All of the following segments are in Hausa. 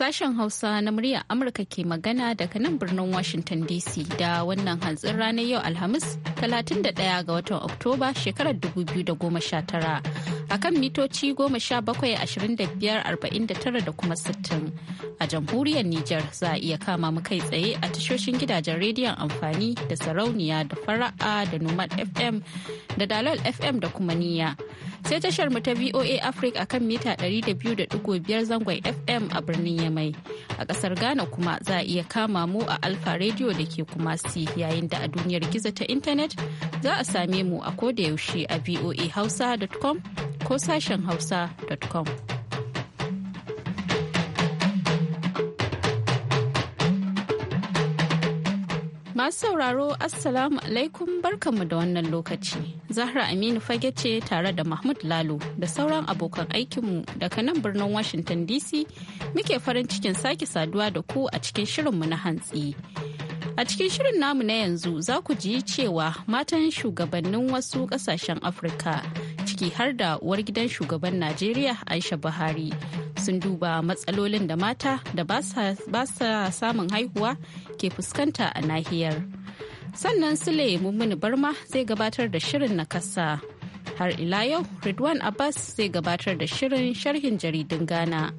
Sashen Hausa na murya Amurka ke magana daga nan birnin Washington DC da wannan hantsin ranar yau Alhamis 31 ga watan Oktoba shekarar 2019 a kan mitoci 17,25,49 da kuma 60. A jamhuriyar Nijar za a iya kama mu kai tsaye a tashoshin gidajen rediyon amfani da sarauniya da fara'a da Nomad FM da Dalal FM da kuma niya Sai tashar mu ta VOA Africa a kan mita 200.5 zangon FM a birnin Yamai. A ƙasar Ghana kuma za a iya kama mu a Alfa Radio da ke kuma si yayin da a duniyar gizo ta intanet za a same mu a yaushe a voa voahausa.com ko sashen hausa.com. Masu sauraro Assalamu alaikum barkanmu da wannan lokaci. Zahra Aminu fage ce tare da Mahmud Lalo da sauran abokan aikinmu daga nan birnin Washington DC muke farin cikin sake saduwa da ku a cikin shirinmu na hantsi. A cikin shirin namu na yanzu za ku ji cewa matan shugabannin wasu kasashen Afirka ciki har da uwar gidan shugaban Najeriya Aisha Buhari sun duba matsalolin da mata da ba sa samun haihuwa ke fuskanta a nahiyar. Sannan Sule Mummuni Barma zai gabatar da shirin na kasa. Har ila yau Ridwan Abbas zai gabatar da shirin sharhin jaridun Ghana.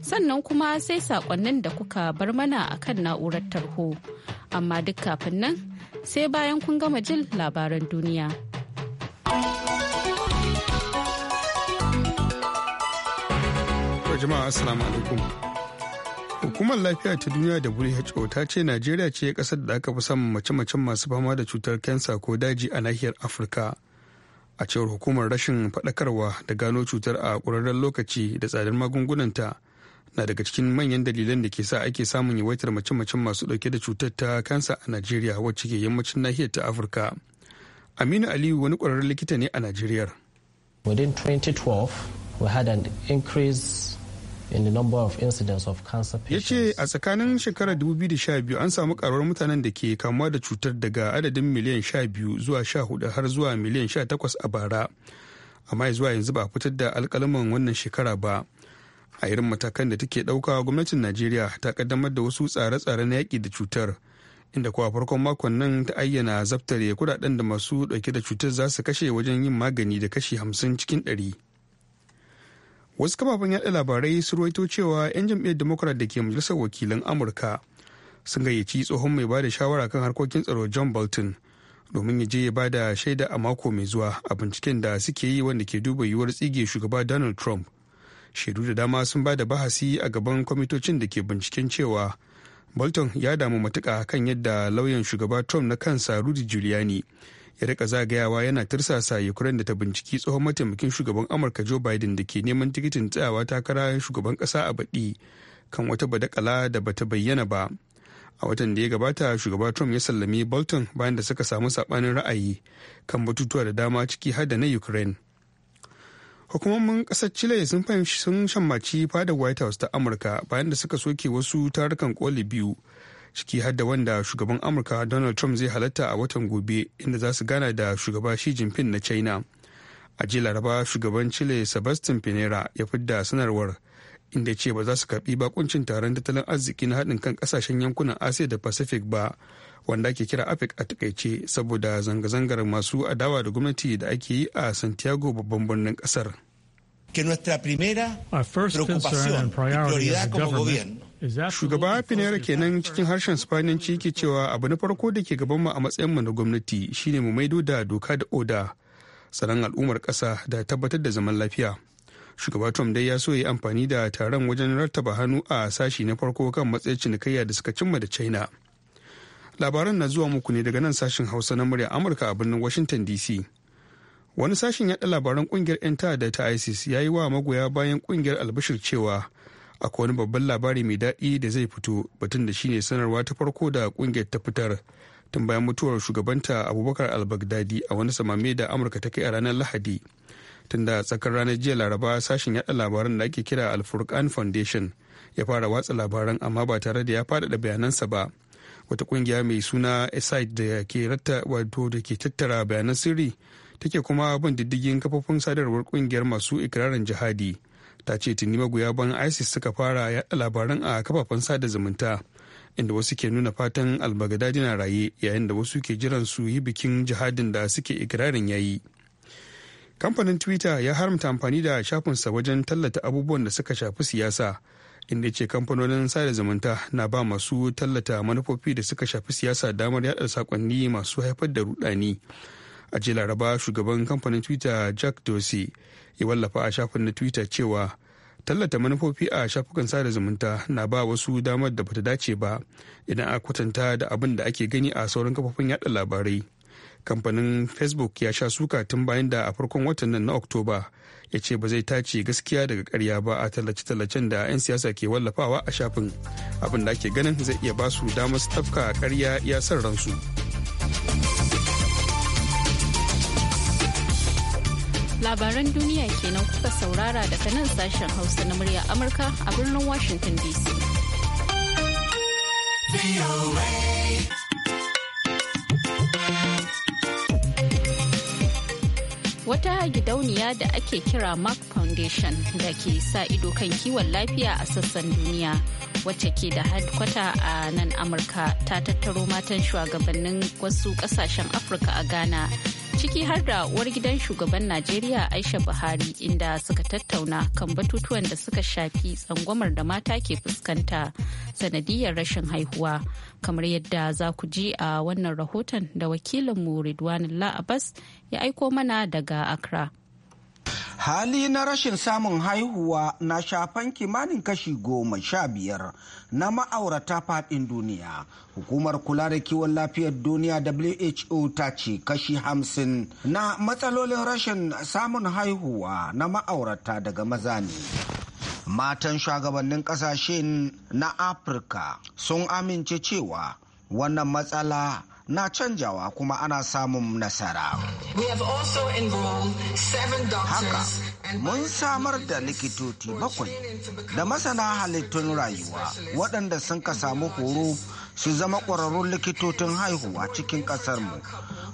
Sannan kuma sai saƙonnin da kuka bar mana a kan na'urar tarho. Amma duk kafin nan sai bayan kun gama jin labaran duniya. jama'a assalamu alaikum hukumar lafiya ta duniya da who ta ce najeriya ce kasar da aka fi samun mace-macen masu fama da cutar kansa ko daji a nahiyar afirka a cewar hukumar rashin faɗakarwa da gano cutar a ƙurarren lokaci da tsadar magungunanta na daga cikin manyan dalilan da ke sa ake samun yawaitar mace-macen masu ɗauke da cutar ta kansa a najeriya wacce ke yammacin nahiyar ta afirka aminu aliyu wani ƙwararren likita ne a najeriya within 2012 we had an increase in the number of incidents of cancer patients. Yace a tsakanin shekarar 2012 an samu karuwar mutanen da ke kamuwa da cutar daga adadin miliyan 12 zuwa 14 har zuwa miliyan 18 a bara. Amma zuwa yanzu ba fitar da alkalaman wannan shekara ba. A irin matakan da take ɗauka gwamnatin Najeriya ta kaddamar da wasu tsare-tsare na yaƙi da cutar. Inda kuwa farkon makon nan ta ayyana zaftare kudaden da masu ɗauke da cutar za su kashe wajen yin magani da kashi hamsin cikin ɗari wasu kafafen yada labarai su ruwaito cewa 'yan jam'iyyar democrat da ke majalisar wakilan amurka sun gayyaci tsohon mai bada shawara kan harkokin tsaro john bolton domin ya je ya bada shaida a mako mai zuwa a binciken da suke yi wanda ke duba yiwuwar tsige shugaba donald trump shaidu da dama sun bada bahasi a gaban kwamitocin da ke binciken cewa bolton ya damu matuka kan yadda lauyan shugaba trump na kansa rudy giuliani ya rika zagayawa yana tirsasa ukraine da ta binciki tsohon mataimakin shugaban amurka joe biden da ke neman tikitin tsayawa takara shugaban kasa a baɗi kan wata badakala da bata bayyana ba a watan da ya gabata shugaba trump ya sallami bolton bayan da suka samu saɓanin ra'ayi kan batutuwa da dama ciki har da na ukraine hukumomin kasar chile sun fahimci sun shammaci fadar white house ta amurka bayan da suka soke wasu tarukan koli biyu ciki har da wanda shugaban amurka donald trump zai halatta a watan gobe inda za su gana da shugaba shi jinping na china a jiya laraba shugaban chile sebastian pinera ya fidda sanarwar inda ce ba za su karbi bakuncin taron tattalin arziki na haɗin kan ƙasashen yankunan asia da pacific ba wanda ake kira afik e a takaice saboda zanga-zangar masu adawa da gwamnati da ake yi a santiago babban birnin ƙasar. que nuestra primera preocupación y prioridad como gobierno Shugaba Pinera kenan cikin harshen spanish ke cewa abu na farko da ke gabanmu a matsayinmu na gwamnati shine mu maido da doka da oda tsaron al'ummar ƙasa da tabbatar da zaman lafiya. Shugaba Tom dai ya so ya amfani da taron wajen rattaba hannu a sashi na farko kan matsayin cinikayya da suka cimma da China. Labaran na zuwa muku ne daga nan sashen Hausa na murya Amurka a birnin Washington DC. wani sashen yaɗa labaran kungiyar 'yan ta'adda ta isis ya yi wa magoya bayan kungiyar albashir cewa akwai wani babban labari mai daɗi da zai fito batun da shine sanarwa ta farko da kungiyar ta fitar tun bayan mutuwar shugabanta abubakar al-baghdadi a wani samame da amurka ta kai a ranar lahadi tun da tsakar ranar jiya laraba sashen yada labaran da ake kira al-furqan foundation ya fara watsa labaran amma ba tare da ya faɗaɗa bayanansa ba wata kungiya mai suna aside da ke ratta wato da ke tattara bayanan sirri take kuma bin diddigin kafofin sadarwar kungiyar masu ikirarin jihadi ta ce tuni magoya ban isis suka fara yaɗa labaran a kafafen sada zumunta inda wasu ke nuna fatan albagadadi na raye yayin da wasu ke jiran su yi bikin jihadin da suke ikirarin yayi kamfanin twitter ya haramta amfani da shafinsa wajen tallata abubuwan da suka shafi siyasa inda ce kamfanonin sada zumunta na ba masu tallata manufofi da suka shafi siyasa damar yada sakonni masu haifar da rudani a jiya laraba shugaban kamfanin twitter jack dorsey ya wallafa a shafin na twitter cewa tallata manufofi a shafukan sada zumunta na ba wasu damar da bata dace ba idan a kwatanta da abin da ake gani a sauran kafofin yada labarai kamfanin facebook ya sha suka tun bayan da a farkon watan nan na oktoba ya ce ba zai tace gaskiya daga karya ba a tallace-tallacen da 'yan siyasa ke wallafawa a shafin abin da ake ganin zai iya ba su damar su tafka karya ya san ransu. labaran duniya kenan kuka saurara daga nan sashen hausa na murya amurka a birnin washington dc wata gidauniya da ake kira mark foundation da ke sa ido kan kiwon lafiya a sassan duniya wacce ke da hadkwata a nan amurka ta tattaro matan shugabannin wasu kasashen afirka a ghana ciki har da uwar gidan shugaban Najeriya Aisha Buhari inda suka tattauna kan batutuwan da suka shafi tsangwamar da mata ke fuskanta sanadiyar rashin haihuwa kamar yadda za ku ji a wannan rahoton da wakilinmu Ridwanullah Abbas ya aiko mana daga Accra. hali na rashin samun haihuwa na shafan kimanin kashi goma sha biyar na ma'aurata faɗin duniya hukumar kula da kiwon lafiyar duniya who ta ce kashi hamsin na matsalolin rashin samun haihuwa na ma'aurata daga maza ne matan shugabannin kasashen na afirka sun amince cewa wannan matsala na canjawa kuma ana samun nasara. Haka mun samar da likitoci bakwai da masana halittun rayuwa waɗanda sun ka samu horo su zama ƙwararrun likitocin haihuwa cikin ƙasarmu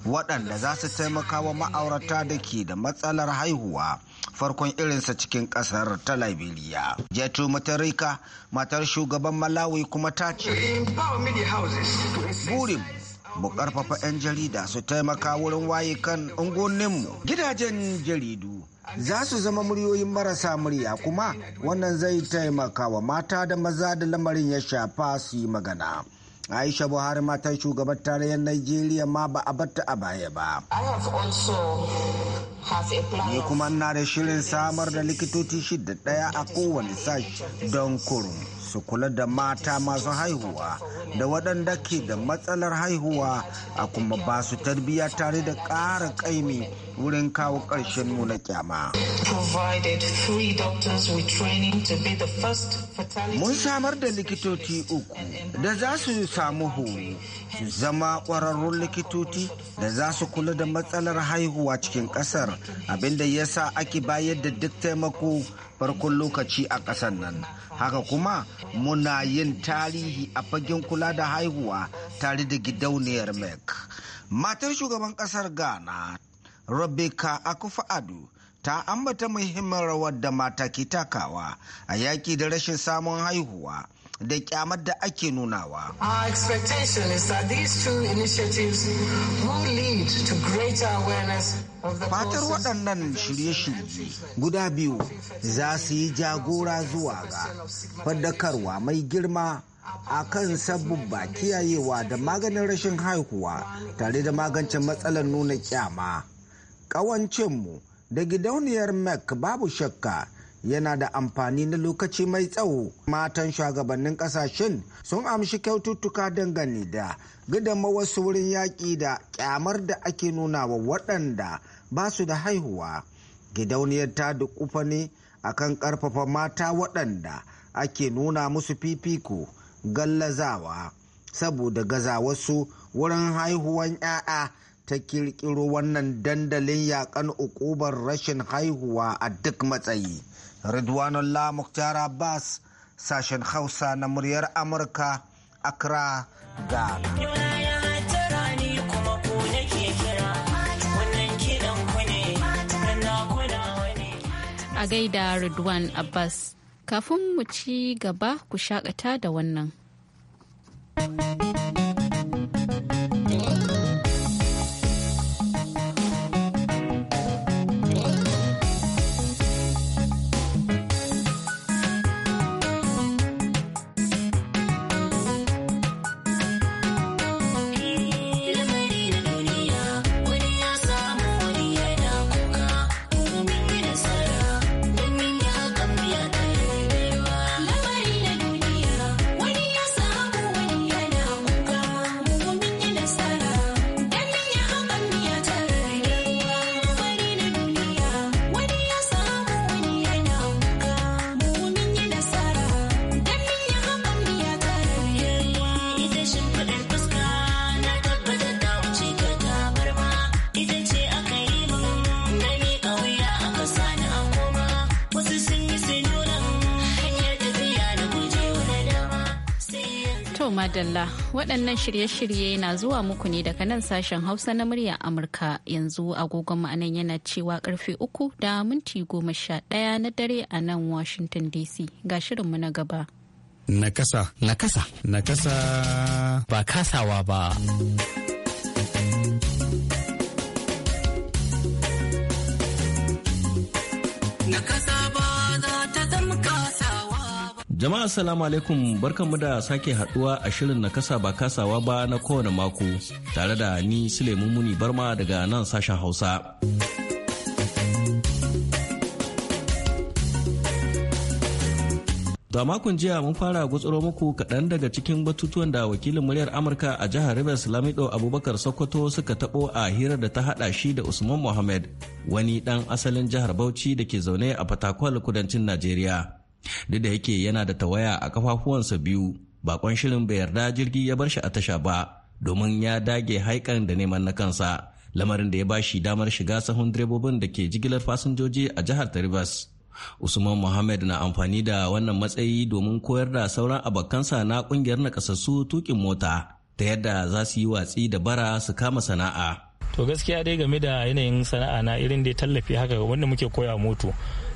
waɗanda za su taimaka wa ma'aurata da ke da matsalar haihuwa. farkon irinsa cikin ƙasar ta liberia jeto matarika matar shugaban malawi kuma ta ce burin mu karfafa 'yan jarida su taimaka wurin waye kan ungoninmu gidajen jaridu za su zama muryoyin marasa murya kuma wannan zai taimaka wa mata da maza da lamarin ya shafa su yi magana aisha buhari matar shugaban tarayyar najeriya ma ba a batta a baya ba ni kuma na da shirin samar da likitoci shida daya a kowane sashi don kurum su kula da mata masu haihuwa da waɗanda ke da matsalar haihuwa a kuma ba su tarbiyya tare da ƙara ƙaimi wurin kawo ƙarshen nuna kyama. Mun samar da likitoci uku da za su samu horo su zama ƙwararrun likitoci da za su kula da matsalar haihuwa cikin ƙasar abinda ya sa ake bayar da duk taimako farkon lokaci a ƙasar nan. Haka kuma muna yin tarihi a fagen kula da haihuwa tare da gidauniyar mek matar shugaban kasar ghana rebecca akufa ta ambata muhimmin rawar da mata ke takawa a yaƙi da rashin samun haihuwa da kyamar da ake nunawa. Our expectation is that these two lead to greater awareness Fatar waɗannan shirye-shirye guda biyu za su yi jagora zuwa ga faddakarwa mai girma a kan sabubba kiyayewa da maganin rashin haihuwa tare da magance matsalar nuna kyama. Ƙawancinmu da gidauniyar Mac babu shakka yana da amfani na lokaci mai tsawo matan shugabannin kasashen sun amshi kyaututtuka dangane da gudunmawar wasu wurin yaƙi da kyamar da ake nuna wa waɗanda ba su da haihuwa gidauniyar ta da ƙufa ne kan ƙarfafa mata waɗanda ake nuna musu fifiko gallazawa saboda gaza wasu wurin haihuwan 'ya'ya ta kirkiro wannan dandalin yakan ukubar rashin haihuwa a duk matsayi Ridwanullah Mukhtar Abbas sashen Hausa na muryar Amurka Accra, ga. a gaida Ridwan Abbas. Kafin mu ci gaba ku shakata da wannan. Abdullah waɗannan shirye-shirye na zuwa muku ne daga nan sashen Hausa na muryar Amurka yanzu agogon ma'anan yana cewa karfe uku da minti goma sha ɗaya na dare a nan Washington DC ga shirinmu na gaba. Nakasa. Nakasa. Nakasa. Ba kasawa ba. Jama'a salamu alaikum barkanmu da sake haduwa a shirin na kasa ba kasawa ba na kowane mako tare da ni Sule muni Barma daga nan sashen Hausa. Da makon jiya mun fara gutsuro muku kaɗan daga cikin batutuwan da wakilin muryar Amurka a jihar Rivers Lamido Abubakar Sokoto suka tabo a hirar da ta hada shi da Usman Mohammed wani ɗan asalin jihar Bauchi da ke zaune a Fatakwal kudancin Najeriya. duk da yake yana da tawaya a kafafuwansa biyu bakon shirin bai yarda jirgi ya bar shi a tasha ba domin ya dage haikan da neman na kansa lamarin da ya bashi damar shiga sahun direbobin da ke jigilar fasinjoji a jihar ta rivers usman muhammad na amfani da wannan matsayi domin koyar da sauran abokansa na kungiyar nakasassu tukin mota ta yadda za su yi watsi da bara su kama sana'a to gaskiya dai game da yanayin sana'a na irin da ya tallafi haka wanda muke koya moto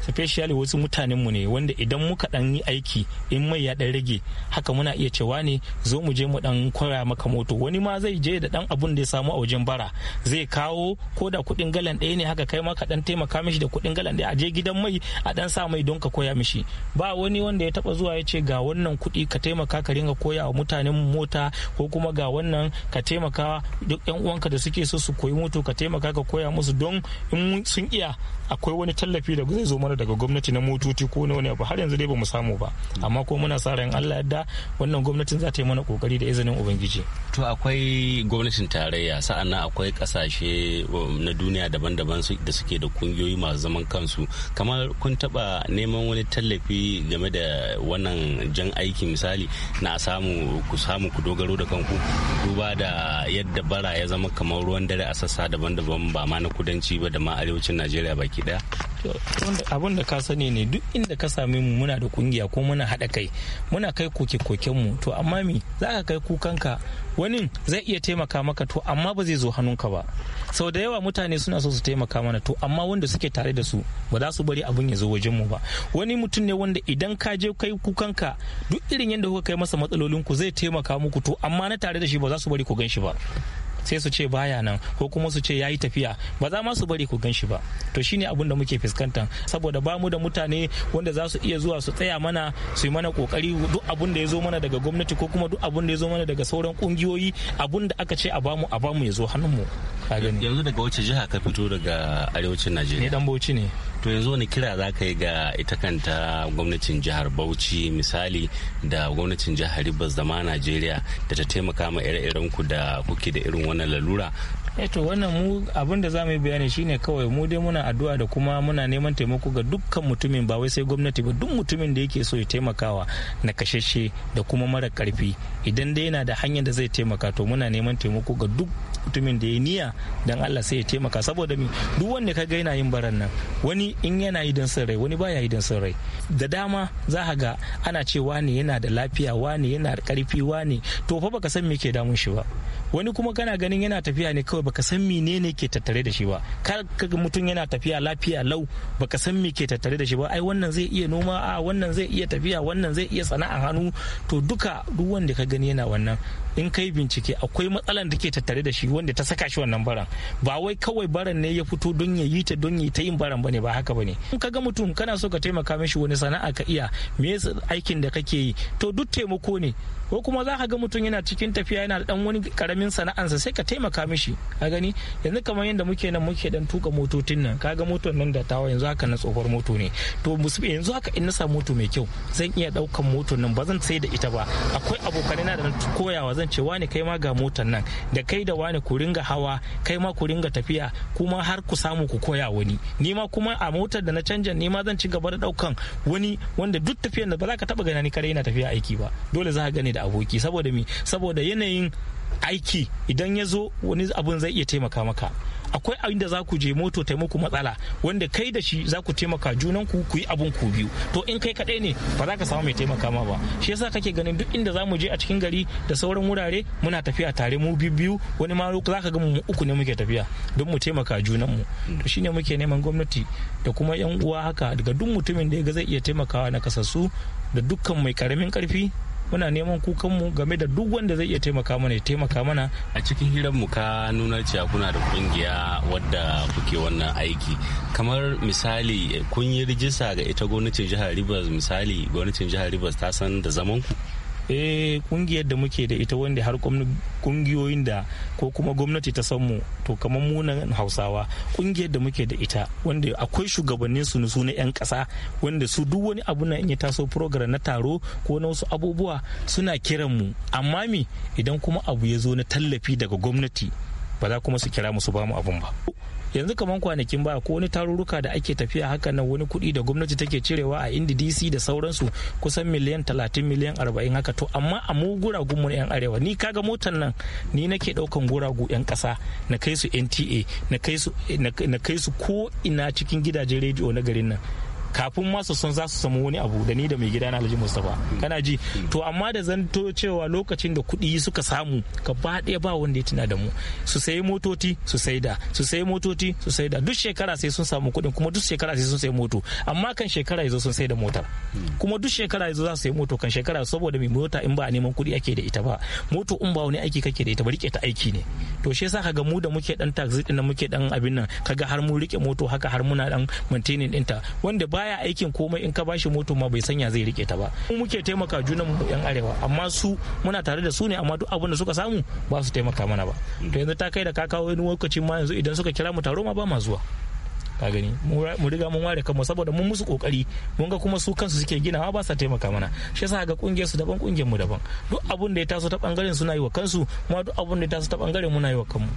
especially wasu mu ne wanda idan muka dan yi aiki in mai ya dan rage haka muna iya cewa ne zo mu je mu dan kwara maka moto wani ma zai je da dan abun da ya samu a wajen bara zai kawo ko da kuɗin galan ɗaya ne haka kai ma ka dan taimaka mishi da kuɗin galan ɗaya a je gidan mai a dan sa mai don ka koya mishi ba wani wanda ya taba zuwa ya ce ga wannan kuɗi ka taimaka ka ringa koya wa mutanen mota ko kuma ga wannan ka taimaka duk yan uwanka da suke so su koyi moto ka taimaka ka koya musu don in sun iya akwai wani tallafi da zai zo mana daga gwamnati na motoci ko na wani abu har yanzu dai ba mu samu ba amma ko muna sa ran Allah yadda wannan gwamnatin za ta yi mana kokari da izinin ubangiji to akwai gwamnatin tarayya sa'annan akwai kasashe um, na duniya daban-daban da suke da kungiyoyi masu zaman kansu kamar kun taba neman wani tallafi game da wannan jan aiki misali na samu ku samu ku dogaro da kanku duba da yadda bara ya zama kamar ruwan dare a sassa daban-daban ba ma na kudanci ba da ma arewacin Najeriya baki baki daya abin da ka sani ne duk inda ka same mu muna da kungiya ko muna haɗa kai muna kai koke koken mu to amma me za ka kai kukanka wani zai iya taimaka maka to amma ba zai zo ka ba sau da yawa mutane suna so su taimaka mana to amma wanda suke tare da su ba za su bari abin ya zo wajen mu ba wani mutum ne wanda idan ka je kai kukanka duk irin yadda kuka kai masa matsalolin ku zai taimaka muku to amma na tare da shi ba za su bari ku gan shi ba sai su ce baya nan ko kuma su ce yayi tafiya ba za ma su bari ku gan shi ba to shine abun da muke fuskanta saboda ba mu da mutane wanda za su iya zuwa su tsaya mana su yi mana kokari duk abin da ya zo mana daga gwamnati ko kuma duk abin da ya zo mana daga sauran kungiyoyi abun da aka ce a bamu a bamu ya zo hannun mu ka gani yanzu daga wace jiha ka fito daga arewacin najeriya ne dan bauchi ne to yanzu wani kira za ka yi ga ita kanta gwamnatin jihar bauchi misali da gwamnatin jihar ribas zama ma najeriya da ta taimaka ma ire-iren ku da kuke da irin wannan lalura e to wannan mu abin da za mu yi bayani shine kawai mu dai muna addu'a da kuma muna neman taimako ga dukkan mutumin ba wai sai gwamnati ba duk mutumin da yake so ya taimakawa na kashashe da kuma mara karfi idan dai yana da hanyar da zai taimaka to muna neman taimako ga duk mutumin da ya niya dan Allah sai ya taimaka saboda mi duk wanda ka ga yana yin baran nan wani in yana yi dan rai wani baya yi dan rai da dama za ka ga ana ce ne yana da lafiya wani yana da karfi wani to fa baka san me ke damun shi ba wani kuma kana ganin yana tafiya ne kawai baka san menene ke tattare da shi ba kar mutum yana tafiya lafiya lau baka san me ke tattare da shi ba ai wannan zai iya noma a wannan zai iya tafiya wannan zai iya sana'a hannu to duka duk wanda ka gani yana wannan in kai bincike akwai matsalan da ke tattare da shi wanda ta saka shi wannan baran ba wai kawai baran ne ya fito don ya yi ta don ya ta yin baran bane ba haka bane in ka ga mutum kana so ka taimaka mishi wani sana'a ka iya me aikin da kake yi to duk taimako ne ko kuma za ka ga mutum yana cikin tafiya yana da dan wani karamin sana'ansa sai ka taimaka mishi ka gani yanzu kamar yadda muke nan muke dan tuka motocin nan kaga ga motar nan da tawa yanzu haka na tsohuwar moto ne to yanzu haka in na samu moto mai kyau zan iya daukan motar nan ba zan sai da ita ba akwai abokanai na da koyawa zan ce wane kai ma ga motar nan da kai da wane ku ringa hawa kai ma ku ringa tafiya kuma har ku samu ku koya wani ni ma kuma a motar da na canja ni ma zan ci gaba da daukan wani wanda duk tafiyar da ba za ka taba gani kare yana tafiya aiki ba dole za ka gane da aboki saboda mi saboda yanayin aiki idan ya zo wani abun zai iya taimaka maka akwai abin da za ku je moto taimako matsala wanda kai da shi za ku taimaka junan ku ku yi abun ku biyu to in kai kaɗai ne ba za ka samu mai taimaka ma ba shi yasa kake ganin duk inda za mu je a cikin gari da sauran wurare muna tafiya tare mu biyu wani ma za ka ga mu uku ne muke tafiya don mu taimaka junan mu to shine muke neman gwamnati da kuma yan uwa haka daga duk mutumin da ya ga zai iya taimakawa na kasassu da dukkan mai karamin karfi muna neman kukanmu game da duk wanda zai iya taimaka mana ya taimaka mana a cikin hirar mu ka nuna cewa kuna da kungiya wadda kuke wannan aiki kamar misali kun yi rijista ga ita gwamnatin jihar Rivers misali gwamnatin jihar Rivers ta san da zaman ku eh kungiyar da muke da ita wanda har kungiyoyin da ko kuma gwamnati ta san mu to kamar mu hausawa kungiyar da muke da ita wanda akwai shugabannin su su na yan kasa wanda su duk wani abu na ya taso program na taro ko na wasu abubuwa suna kiran mu amma mi idan kuma abu ya zo na tallafi daga gwamnati ba za kuma su kira mu su ba mu abun ba yanzu kamar kwanakin baya ko wani tarurruka da ake tafiya haka nan wani kuɗi da gwamnati take cirewa a indi dc da sauransu kusan miliyan talatin miliyan arba'in haka to amma a mu guragu mu yan arewa ni kaga motan nan ni nake daukan guragu yan ƙasa na kai su nta na kai su ko ina cikin gidajen rediyo na garin nan kafin masu son za su samu wani abu da ni da mai gida na Alhaji Mustapha kana ji to amma da zanto cewa lokacin da kuɗi suka samu gaba ɗaya ba wanda ya tuna da mu su sayi motoci su saida su sayi motoci su saida duk shekara sai sun samu kuɗin kuma duk shekara sai sun sayi moto amma kan shekara yazo sun saida motar kuma duk shekara yazo za su sayi moto kan shekara saboda mai mota in ba a neman kuɗi ake da ita ba moto in ba wani aiki kake da ita ba rike ta aiki ne to shi yasa kaga mu da muke dan taxi din muke dan abin nan kaga har mu rike moto haka har muna dan maintaining ɗinta wanda ba baya aikin komai in ka bashi moto ma bai sanya zai rike ta ba mu muke taimaka junan mu yan arewa amma su muna tare da su ne amma duk abin da suka samu ba su taimaka mana ba to yanzu ta kai da ka kawo wani lokacin ma yanzu idan suka kira mu taro ma ba ma zuwa ka gani mu riga mun ware kanmu saboda mun musu kokari mun ga kuma su kansu suke ginawa ba sa taimaka mana shi yasa ga kungiyar su daban kungiyar mu daban duk abun da ya taso ta bangaren suna yi wa kansu kuma duk abun da ya taso ta bangaren muna yi wa kanmu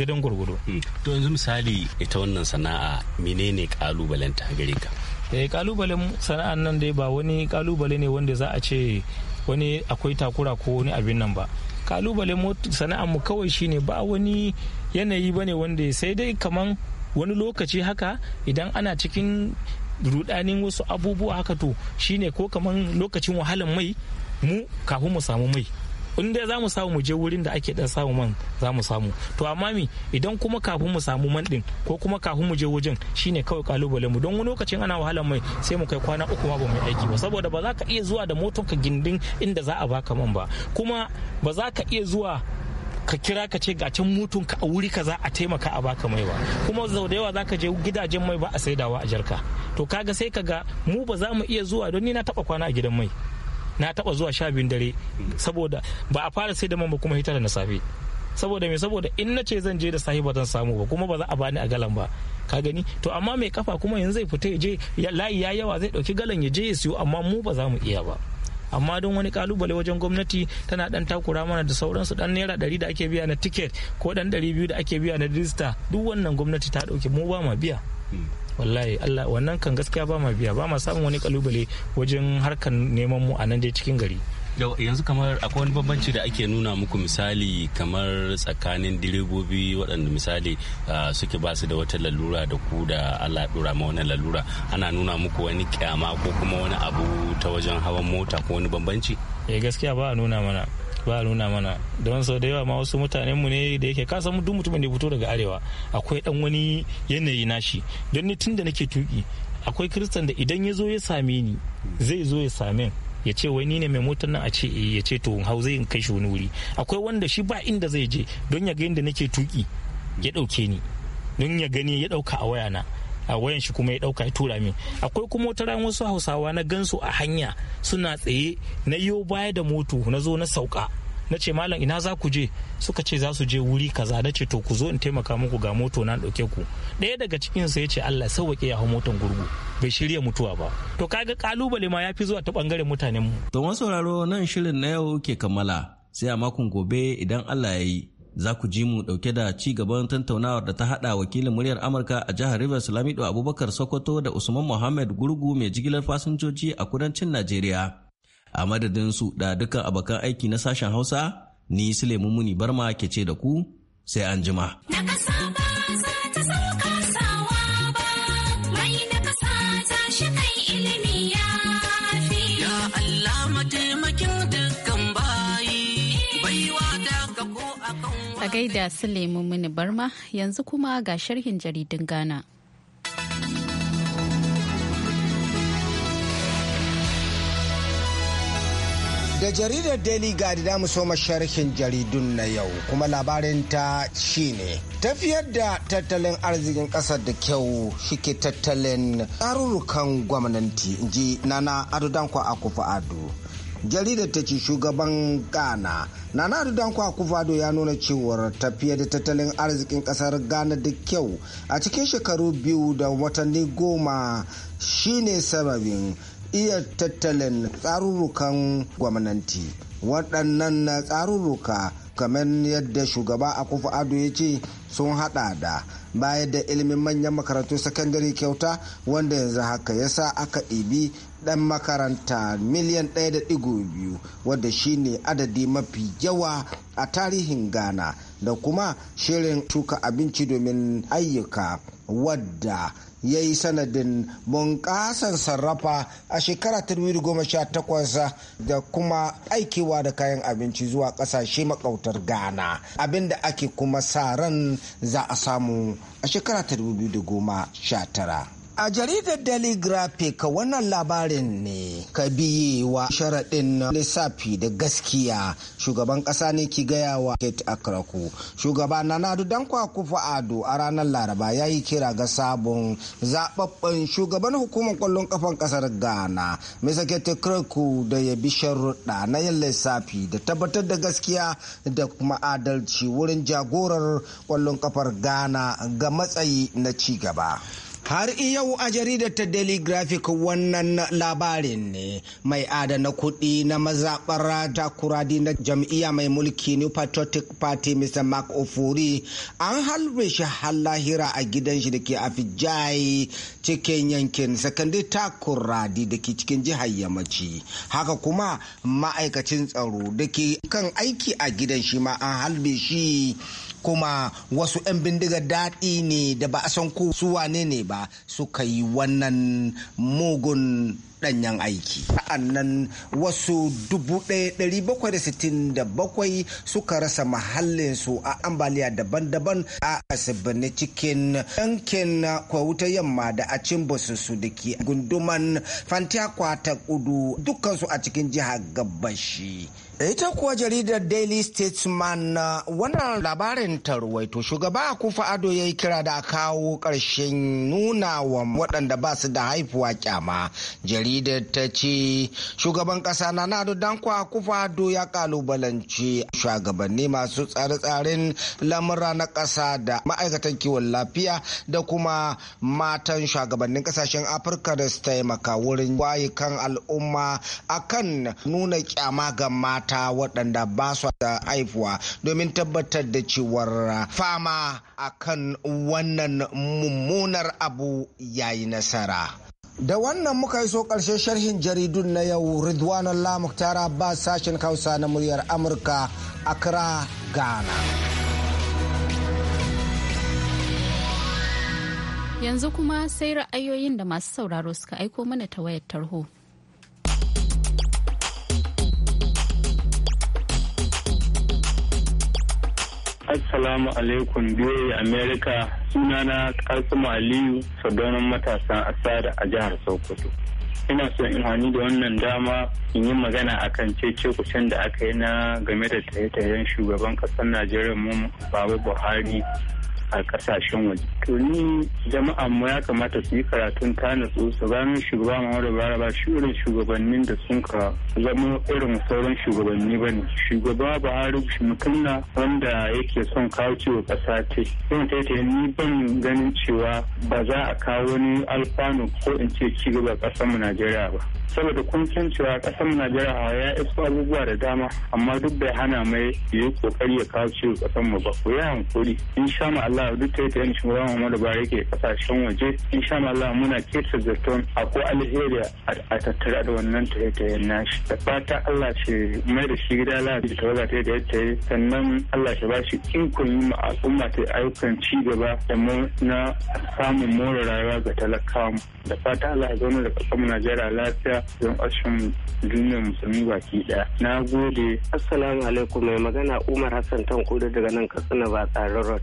dan gurgudo hmm. to yanzu misali ita wannan sana'a menene kalubalen ta gare ka eh kalubalen sana'an nan dai ba wani kalubale ne wanda za a ce wani akwai takura ko wani abin nan ba kalubalen sana'ar mu kawai shine ba wani yanayi bane wanda sai dai kaman wani lokaci haka idan ana cikin rudanin wasu abubuwa haka to shine ko kaman lokacin wahalan mai mu kafin mu samu mai in dai za mu samu mu je wurin da ake dan samu man za mu samu to amma mi idan kuma kafin mu samu man din ko kuma kafin mu je wajen shine kawai kalubale mu don wani lokacin ana wahalar mai sai mu kai kwana uku ma ba mu aiki ba saboda ba za ka iya zuwa da motar ka gindin inda za a baka man ba kuma ba za ka iya zuwa ka kira ka ce ga can mutun ka a wuri ka za a taimaka a baka mai ba kuma zau da yawa za ka je gidajen mai ba a saidawa a jarka to kaga sai kaga mu ba za mu iya zuwa don ni na taba kwana a gidan mai na taba zuwa sha biyun dare saboda ba a fara sai da man ba kuma hita da na safe saboda me saboda in na ce zan je da safe ba zan samu ba kuma ba za a bani a galan ba ka gani to amma mai kafa kuma yanzu zai fita ya je layi ya yawa zai dauki galan ya je ya siyo amma mu ba za mu iya ba amma don wani kalubale wajen gwamnati tana dan takura mana da sauransu dan naira ɗari da ake biya na tiket ko dan ɗari biyu da ake biya na rijista duk wannan gwamnati ta ɗauke mu ba ma biya wallahi Allah wannan kan gaskiya ba ma biya ba ma samun wani kalubale wajen harkar neman mu a nan dai cikin gari yanzu kamar akwai wani bambanci da ake nuna muku misali kamar tsakanin direbobi waɗanda misali suke ba su da wata lalura da ku da allah dura ma wani lalura ana nuna muku wani kyama ko kuma wani abu ta wajen hawan mota ko wani bambanci eh, gaskiya ba a nuna mana ba nuna mana don sau da yawa ma wasu mutanen mu ne da yake ka duk mutumin da ya fito daga arewa akwai dan wani yanayi nashi don ni tun da nake tuki akwai kristan da idan ya zo ya same ni zai zo ya same ya ce wai ni ne mai motar nan a ce eh, ya ce to hau zai kai shi wani wuri akwai wanda shi ba inda zai je don ya ga yadda nake tuki ya dauke ni don ya gani ya dauka a wayana a wayan shi kuma ya dauka ya tura min akwai kuma wata ran wasu hausawa na gansu a hanya suna tsaye na yo baya da moto na zo na sauka na ce malam ina za ku je suka ce za su je wuri kaza na ce to ku zo in taimaka muku ga moto na dauke ku daya daga cikin su ya ce Allah sauwake ya hau motan gurgu bai shirya mutuwa ba to kaga kalubale ma ya fi zuwa ta bangaren mutanen mu to sauraro nan shirin na yau ke kammala sai a makon gobe idan Allah ya yi za ku ji mu dauke da ci gaban tantaunawar da ta hada wakilin muryar amurka a jihar rivers lamido abubakar sokoto da usman mohammed gurgu mai jigilar fasinjoji a kudancin najeriya a madadin su da dukkan abokan aiki na sashen hausa ni sule muni barma ke ce da ku sai an jima. A gaida Suleiman Mini Barma yanzu kuma ga sharhin jaridun Ghana. Da jaridar Daily Guard da mu soma sharhin jaridun na yau kuma labarinta ne tafiyar da tattalin arzikin ƙasar da kyau shike tattalin tsarurrukan gwamnati inji nana adudankwa akufa ado jaridar ta ce shugaban ghana nana danko akufado ya nuna cewar tafiya da tattalin arzikin kasar ghana da kyau a cikin shekaru biyu da watanni goma shine sababin iya tattalin tsarurrukan gwamnati waɗannan na tsarurruka kamar yadda shugaba a akufu ado ya ce sun hada da bayar da ilimin manyan makarantu sakandare kyauta wanda yanzu haka ya sa aka ɗibi ɗan makaranta miliyan da biyu wadda shine adadi mafi yawa a tarihin ghana da kuma shirin tuka abinci domin ayyuka wadda ya yi sanadin bunƙasan sarrafa a shekara 2018 da kuma aikewa da kayan abinci zuwa ƙasashe makautar ghana abinda ake kuma sa ran za a samu a shekara 2019 A jaridar Daily Graphic wannan labarin ne ka biye wa sharaɗin lissafi da gaskiya shugaban ƙasa ne ki gaya wa Kate Akraku. Shugaba Nanadu Dankwa Kufa Ado a ranar Laraba ya yi kira ga sabon zaɓaɓɓen shugaban hukumar ƙwallon ƙafan ƙasar Ghana. Mr. Kate Akraku da ya bi sharuɗa na yin lissafi da tabbatar da gaskiya da kuma adalci wurin jagorar ƙwallon ƙafar Ghana ga matsayi na ci gaba. Har yau a jaridar ta Daily Graphic wannan labarin ne mai adana kuɗi na mazaɓar takuradi na jam'iyya mai mulki New Patriotic Party Mr. Mark Ofori an halbe shi lahira a gidan shi da ke Afijai cikin yankin sakandi takuradi da ke cikin jihar Yamaci. Haka kuma ma'aikacin tsaro da ke kan aiki a gidan shi ma an halbe shi. kuma wasu 'yan bindiga daɗi ne da ba a san ko su wane ne ba suka yi wannan mugun ɗanyen aiki. Sa'annan wasu da bakwai suka rasa mahallinsu a ambaliya daban-daban a asibiti cikin yankin kwauta yamma da a su da ke gunduman fantiakwa ta kudu dukansu a cikin jihar gabashi. Ita kuwa jaridar Daily Statesman uh, wannan labarin tarwaito shugaba kufa ado ya yi kira da kawo ƙarshen nuna wa waɗanda ba su da haifuwa kyama. Jaridar ta ce shugaban ƙasa na nado dankwa kufa ado ya kalubalanci shugabanni masu tsare-tsaren lamura na ƙasa da ma'aikatan kiwon lafiya da kuma matan shugabannin ƙasashen Afirka da su taimaka wurin waye kan al'umma akan nuna kyama ga mata. mata waɗanda ba su da haifuwa domin tabbatar da cewar fama a kan wannan mummunar abu yayi nasara. Da wannan muka yi so ƙarshen sharhin jaridun na yau Ridwan Allah tara ba sashen kausa na muryar Amurka Accra, Ghana. Yanzu kuma sai ra'ayoyin da masu sauraro suka aiko mana ta wayar tarho. Assalamu alaikum biyoyi Amerika sunana Kasimu Aliyu Sadonan matasan Asada a jihar Sokoto. Ina son in hani da wannan dama in yi magana akan cece da aka yi na game da taye-tayen shugaban ƙasar Najeriya mu Baba Buhari a kasashen waje to ni jama'a mu ya kamata su yi karatun ta natsu su gano shugaba Muhammadu Buhari shi irin shugabannin da sun ka zama irin sauran shugabanni ba ne shugaba Buhari shi wanda yake son kawo ciwo kasa ce yin taita ni ban ganin cewa ba za a kawo wani alfanu ko in ce ci gaba kasar mu Najeriya ba saboda kun san cewa kasar mu Najeriya ya iso abubuwa da dama amma duk bai hana mai yi kokari ya kawo ciwo kasar mu ba ko ya hankuri in sha mu Allah Allah duk ta yadda shugaban Muhammadu Buhari ke kasashen waje insha Allah muna kesa zaton akwai alheri a tattara da wannan na nashi da fata Allah shi mai da shi gida lafiya ta waga ta da yadda sannan Allah shi ba shi ikon yi ma al'umma ta ayyukan ci gaba da na samun more rayuwa ga talakawa da fata Allah ya zauna da ƙasar Najeriya lafiya don ƙarshen duniyar musulmi baki ɗaya. Na gode. Assalamu alaikum mai magana Umar Hassan Tanko daga nan Katsina ba tsarin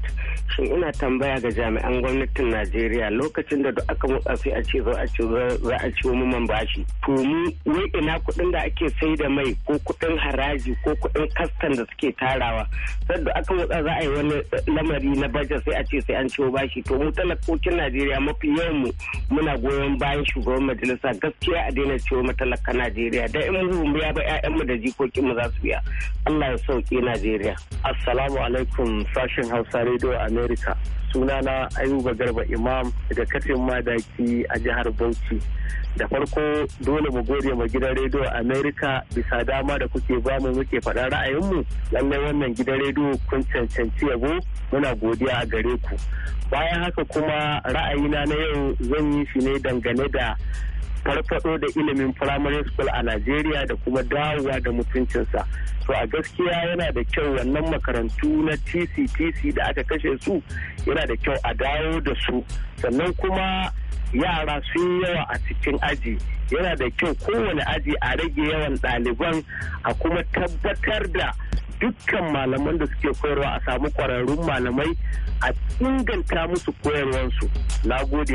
Shin ina tambaya ga jami'an gwamnatin Najeriya lokacin da duk aka mutsafi a ce za a ciwo mu man bashi. To mu wai ina kuɗin da ake sai da mai ko kuɗin haraji ko kuɗin kastan da suke tarawa. Sadda aka mutsa za a yi wani eh, lamari na baje sai a ce sai an ciwo bashi. To mu talakokin Najeriya mafi yawan mu muna goyon bayan shugaban majalisa gaskiya a daina ciwo matalaka Najeriya. Da in mu biya ba 'yayan mu da jikokin mu za su biya. Allah ya sauke Najeriya. Assalamu alaikum sashen Hausa Radio America. suna Sunana Ayuba Garba Imam daga katin madaki a jihar Bauchi. Da farko dole mu gode ma gidan rediyo Amerika bisa dama da kuke bamu muke faɗa ra'ayinmu. Lallai wannan gidan rediyo kun cancanci yabo muna godiya a gare ku. Bayan haka kuma ra'ayina na yau zan yi shi ne dangane da farfado da ilimin primary school a najeriya da kuma dawowa da mutuncinsa to a gaskiya yana da kyau wannan makarantu na TCTC da aka kashe su yana da kyau a dawo da su sannan kuma yara sun yawa a cikin aji yana da kyau kowane aji a rage yawan ɗaliban a kuma tabbatar da dukkan malaman da suke koyarwa a samu kwararrun malamai a inganta musu koyarwansu na gode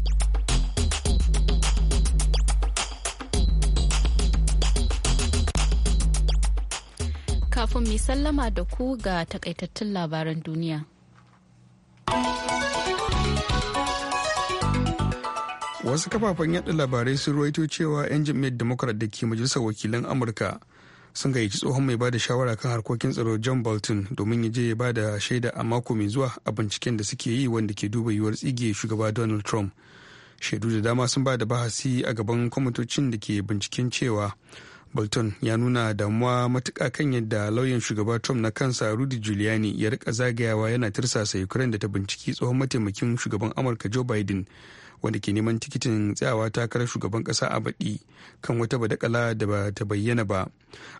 kafin mai sallama da ku ga takaitattun labaran duniya. Wasu kafafen yada labarai sun ruwaito cewa 'yan jam'iyyar Democrat da ke majalisar wakilan Amurka sun gayyaci tsohon mai bada shawara kan harkokin tsaro John Bolton domin ya je ya bada shaida a mako mai zuwa a binciken da suke yi wanda ke duba yiwuwar tsige shugaba Donald Trump. Shaidu da dama sun ba da bahasi a gaban kwamitocin da ke binciken cewa bolton ya nuna damuwa matuka kan yadda lauyan shugaba trump na kansa rudy giuliani ya rika zagayawa yana tirsasa ukraine da ta binciki tsohon mataimakin shugaban amurka joe biden wanda ke neman tikitin tsayawa takarar shugaban kasa a baɗi kan wata badakala da ba ta bayyana ba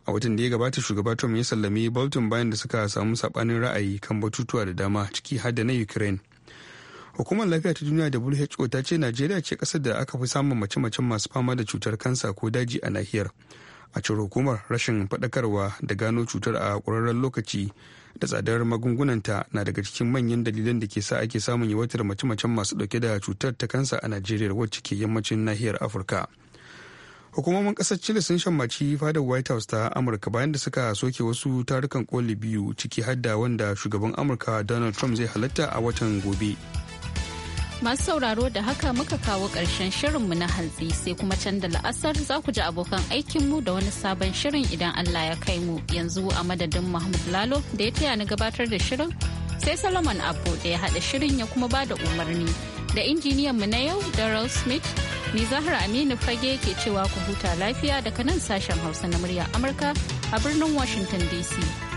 a watan da ya gabata shugaba trump ya sallami bolton bayan da suka samu sabanin ra'ayi kan batutuwa da dama ciki har da na ukraine hukumar lafiya ta duniya who ta ce najeriya ce kasar da aka fi samun mace-macen masu fama da cutar kansa ko daji a nahiyar a cire hukumar rashin faɗakarwa da gano cutar a ƙwararren lokaci da tsadar magungunanta na daga cikin manyan dalilan da ke sa ake samun yawaitar mace-macen masu ɗauke da cutar ta kansa a najeriya wacce ke yammacin nahiyar afirka hukumomin ƙasar chile sun shammaci fadar white house ta amurka bayan da suka soke wasu tarukan koli biyu ciki hadda wanda shugaban amurka donald trump zai halatta a watan gobe Masu sauraro da haka muka kawo ƙarshen shirinmu na hantsi sai kuma can da la'asar za ku ji abokan aikinmu da wani sabon shirin idan Allah ya kai mu yanzu a madadin Mahmud Lalo da ya taya ni gabatar da shirin sai Solomon abu da ya haɗa shirin ya kuma bada umarni da injiniyan mu na yau Daryl Smith ni Zahra Aminu Fage ke cewa ku huta lafiya daga nan sashen Hausa na murya Amurka a birnin Washington DC.